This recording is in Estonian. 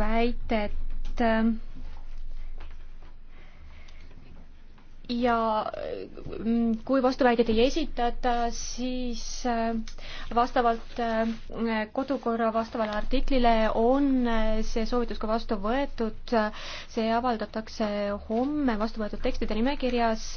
väitet ähm, ja mm, kui vastuväidet ei esitata, siis äh, vastavalt äh, kodukorra vastavale artiklile on äh, see soovitus ka vastu võetud. see avaldatakse homme vastu võetud tekstide nimekirjas